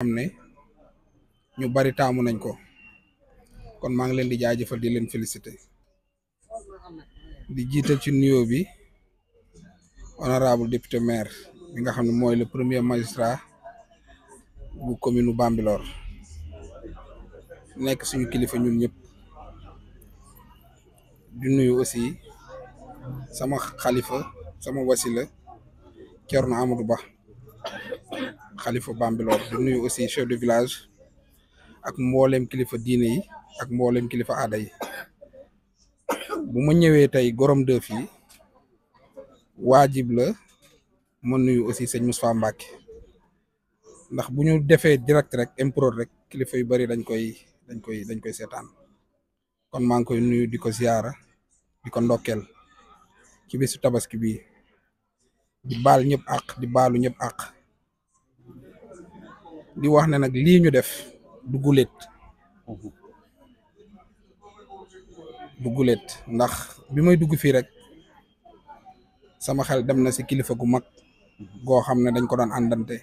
xamne ne ñu bari taamu nañ ko kon ma ngi leen di jaajeufal di leen féliciter di jiital ci nuyo bi honorable député maire bi nga xamne moy le premier magistrat bu commune Bambilor nek suñu kilifa ñun ñep di nuyu aussi sama khalifa sama wasila Thierno Amadou Ba xalifa Bambilor di nuyu aussi chef de village ak mboolem kilifa diine yi ak mboolem kilifa aada yi bu ma ñëwee tey Gorom 2 fii waajib la ma nuyu aussi sëñ Moustapha Mbacké ndax bu ñu defee direct rek improd rek kilifa yu bari dañ koy dañ koy dañ koy seetaan kon maa ngi koy nuyu di ko ziyaara di ndokel ndokkeel ci bisu tabaski bii di baal ñëpp àq di balu ñëpp àq. di wax ne nag lii ñu def du guléet mhm. du guléet ndax bi may dugg fii rek sama xel dem na si kilifa gu mag goo xam dañ ko doon àndante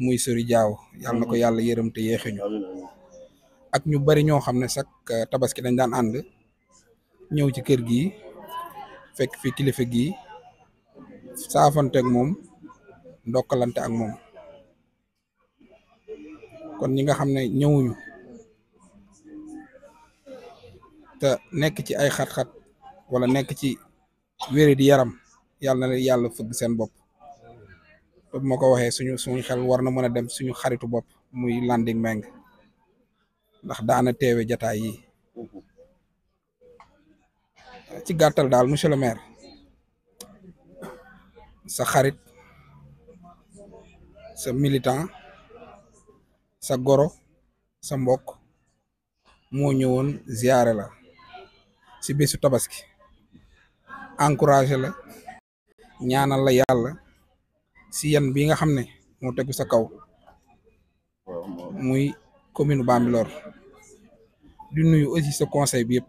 muy sori jaaw yàlla na ko mhm. yàlla te yéexuñu ak ñu bari ñoo xam sak sax euh, tabaski dañ daan ànd ñëw ci kër gi fekk fi kilifa gi saafanteeg moom ndokkalante ak kon ñi nga xamne ñewuñu ta nek ci ay xat-xat wala nek ci wéré di yaram yalla na yalla fudd fëgg seen bop te bu ma suñu suñu xel war na dem suñu xaritu bop muy Landing Meng ndax daana teewe jotaay yi ci gattal dal monsieur le maire sa xarit sa militant sa goro sa mbok mo ñewon ziaré la ci bésu tabaski encourager la ñaanal la yalla ci yeen bi nga xamné mo teggu sa kaw muy commune Bambilor di nuyu aussi sa conseil bi yépp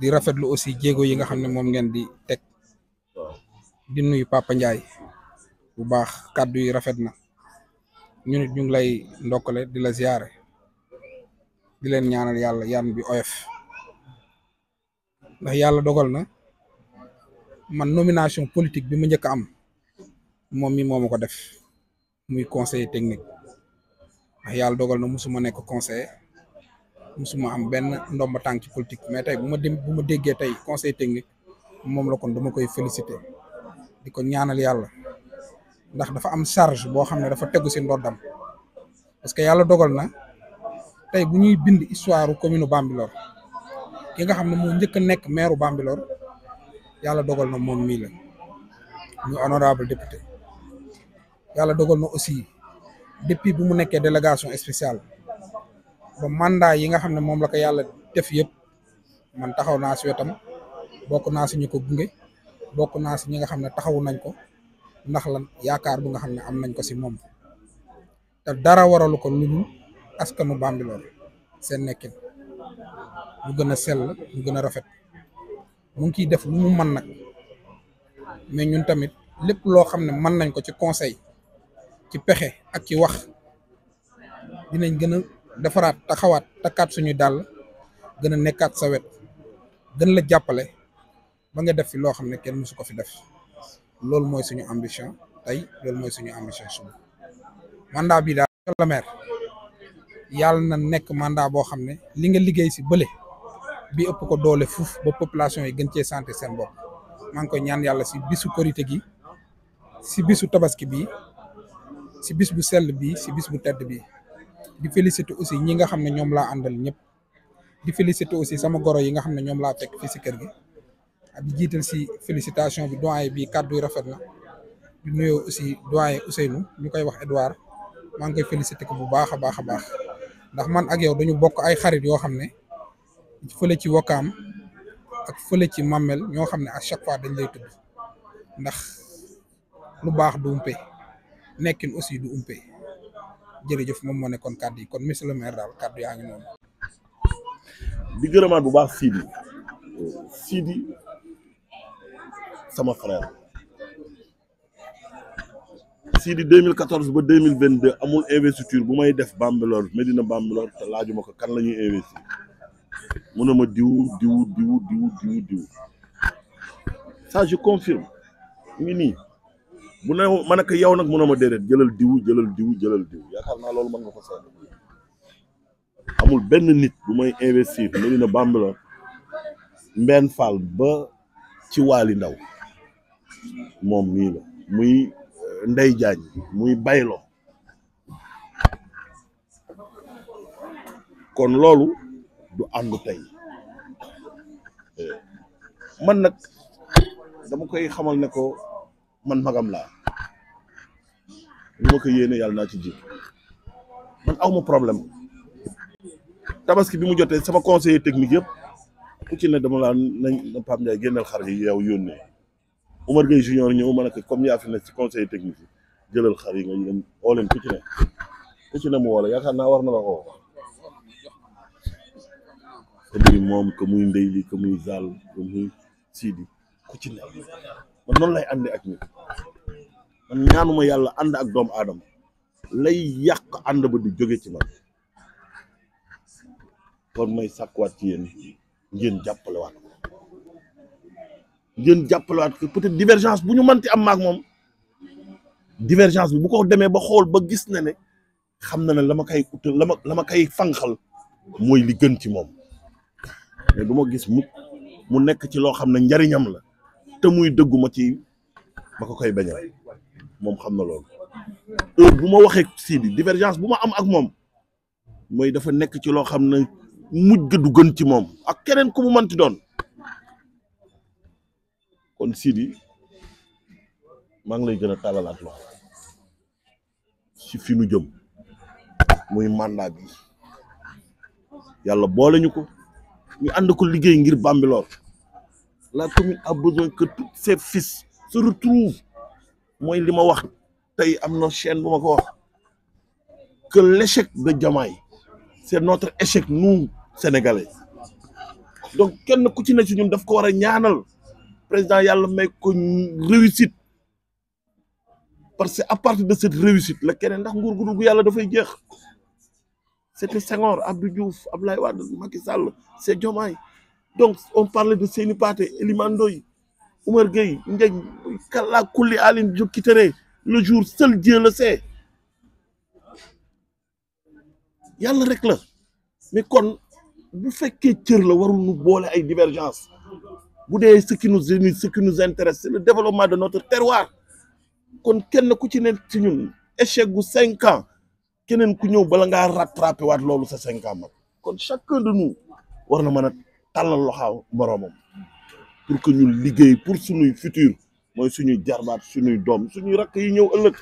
di rafetlu aussi yi nga xamné mom ngeen di tek di nuyu Papa ndjay bu baax kaddu yi rafetna ñu nit ñu ngi lay ndokkale di la ziyaare di leen ñaanal yàlla yan bi oyof ndax yàlla dogal na man nomination politique bi ma njëkk am moom mi moo ma ko def muy conseiller technique ndax yàlla dogal na musuma nekk conseiller musuma am benn ndoom tànk ci politique mais tey bu ma dem bu ma déggee tey conseil technique moom la kon dama koy féliciter di ko ñaanal yàlla ndax dafa am charge bo xamne dafa teggu ci ndodam parce que yalla dogal na tay bu ñuy bind histoire commune Bambilor ki nga xamne mo ñëk nek maire Bambilor yalla dogal na mom mi la ñu honorable député yalla dogal na aussi depuis bu mu nekké délégation spéciale ba mandat yi nga xamne mom la ko yalla def yépp man taxaw na ci wétam bokku na ci ñuko gungé bokku na ci ñi nga xamne taxawu nañ ko ndax lan yaakar bu nga xamne am nañ ko ci mom te dara waralu ko lu dul askanu Bambilor seen nekkin lu gën a lu gëna rafet mu ngi def lu mu man nak mais ñun tamit lepp lo xamne man nañ ko ci conseil ci pexé ak ci wax dinañ gëna a defaraat taxawaat takkaat suñuy dàll gën sa wet gën la jappalé ba nga def fi lo xamne kenn musu ko fi def Lol moy suñu ambition tay lol moy suñu ambition suñu mandat bi da la mer yalla na nek mandat bo xamne li nga liggey si beulé bi ëpp ko doolé fuf ba population yi gën ci santé sen bop maa ngi ñaan yalla si bisu korité gi si bisu tabaski bi si bis bu sel bi si bis bu tedd bi di féliciter aussi ñi nga xamne ñom la andal di féliciter aussi sama goro yi nga xamne ñom la tek fi ci kër gi di jiital si félicitation bi doyen bi kàddu rafet na di nuyoo aussi doyen Ousseynou ñu koy wax Edouard maa ngi koy félicité ko bu baax a baax a baax ndax man ak yow dañu bokk ay xarit yoo xam ne fële ci Wakaam ak fële ci Mamel ñoo xam ne a chaque fois dañ lay tudd ndax lu baax du umpe nekkin aussi du umpe jërëjëf moom moo nekkoon kàddu yi kon monsieur le maire daal kàddu yaa ngi noonu. di bu baax Sidi Sidi sama si di frère Sidi 2014 ba 2022 amul investiture bu may def Bambilor Medina Bambilor te laajuma ko kan la ñuy investir mu ne ma diw diw diw diw diw diw ça je confirme mu ngi nii mu ne ma ne ko yow nag mu ne ma déedéet jëlal diw jëlal diw jëlal diw yaakaar naa loolu mën nga ko seet amul benn nit bu may investir Medina Bambilor Mbène Fall ba ci Waly Ndaw moom mii la muy eh, Ndey Jaañ muy Baylo kon loolu du àndu tey eh, man nag dama koy xamal ne ko man magam laa lu ma ko yéene yàlla naa ci ji man awma problème tabaski bi mu jotee sama conseiller technique yëpp ku ci ne dama laa na Pape Ndiaye génneel xar yi yow yónnee Oumar Gueye junior ñëw ma ne ko comme yaa fi nekk ci conseil technique yi jëlal xar yi nga ñu dem oo leen ci ne ku ci ne mu woole yaakaar naa war na la oo te muy moom que muy ndey li que muy Zal que muy Sidi ku ne man noonu lay àndee ak nit man ñaanuma yàlla ànd ak doomu aadama lay yàq ànd ba di jóge ci ma kon may sàkkuwaat ci yéen ngeen jàppalewaat ngeen jàppalaat que peut-être divergence bu ñu mënti am maak moom divergence bi bu ko demee ba xool ba gis na ne xam na ne la ma koy utal la ma la koy fanqal mooy li gën ci moom mais du gis mukk mu nekk ci loo xam ne njariñam la te muy dëgguma ci ba ko koy bañal moom xam na loolu heure ma waxee Sidi divergence bu ma am ak moom mooy dafa nekk ci loo xam ne mujj du gën ci moom ak keneen ku mu mënti doon kon Sidi maa ngi lay gën talal ak loxo si fi nu jëm muy mandat bi yalla boole ñu ko ñu and ko liggéey ngir bambi Bambilor la commune a besoin que tous ses fils se retrouvent moy lima wax tay amna chaîne bu ma ko wax que l'échec de Diomaye c'est notre échec nous sénégalais donc kenn ku ci ne ci ñun daf ko wara ñaanal président Yalla may réussite parce que à partir de cette réussite le kenen ndax nguur gu jeex c'était Senghor Abdou Diouf Abdoulaye Wad Macky Sall c'est Diomaye donc on parlait de Seyni Paté Elimandoy Oumar Gueye kala Kouli Aline Diop le jour seul Dieu le sait Yalla rek la mais kon bu fekkee cieur la warul nu bolé ay divergence ce qui nous intéresse, c'est le développement de notre terroir. Kon ken ne kouti nen ti nyoun, eshek gou 5 ans ken nen kou nyou balanga ratrape wad lolo se 5 ans man. Kon de nous war nan un talent. loha maramon. Pour que nous liguions pour ce nous futur, moi ce nous garder, ce nous dom, ce nous recueillir au lac.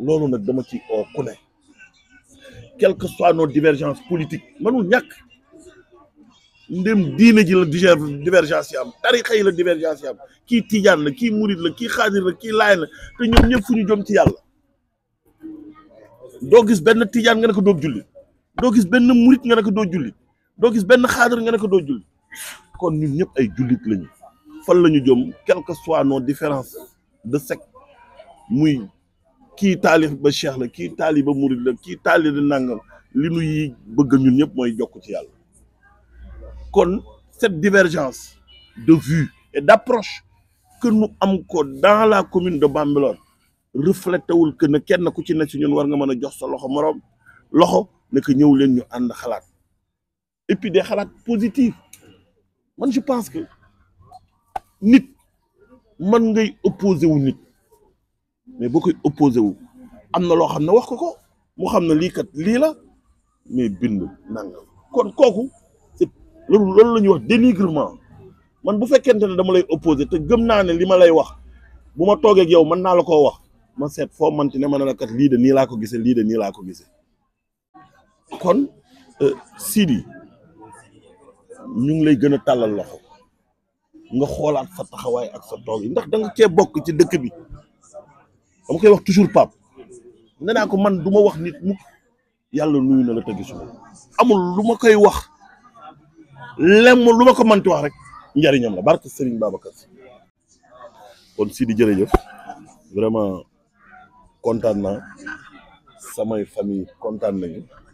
Lors de notre domicile, on connaît. Quelles que soient nos divergences politiques, mais nous n'y a que ndem diine ji la divergence yi am tarixa yi la divergence yi kii tiijaan la kii murit la kii xaadir la kii laay la te ñoom ñëpp fu ñu jom ci yàlla doo gis benn tijaan nga ne ko doo julli doo gis benn murit nga ne doo julli doo gis benn xaadir nga ne doo julli kon ñun ñëpp ay jullit lañu fan lañu jom quel que soit nos différences de secte muy kii taalif ba cheikh la kii taaliba murit la kii taaliba nangam li nuy bëgg ñun ñëpp mooy jokk ci yàlla kon cette divergence de vue et d'approche que nous avons dans la commune de Bambilor reflète que ne kenn ku ci ne ci ñun war nga mëna jox sa loxo morom loxo ne que ñew leen ñu and xalaat et puis des xalaat positifs man je pense que nit man ngay opposé wu nit mais beaucoup opposé wu amna lo loo wax ko ko mu xam li kat li la mais bind nangam kon kooku loolu loolu la ñuy wax dénigrement man bu fekkente ne dama lay opposé te gëm naa ne li ma lay wax bu ma toogee yow mën naa la koo wax ma seet foo manti ne ma ne la kat lii de nii laa ko gisee lii de nii laa kon euh, siidi ñu ngi lay gën a tàllal xaw nga xoolaat sa taxawaay ak sa toog yi ndax danga nga cee bokk ci dëkk bi dama koy wax toujours Pape ne naa ko man duma wax nit mu yàlla nuyu na la te gisuma amul lu ma koy wax. lem lu ma ko mënti wax rek njariñam la barke Serigne Babacar Sy kon si di jërëjëf vraiment kontaan samay famille kontaan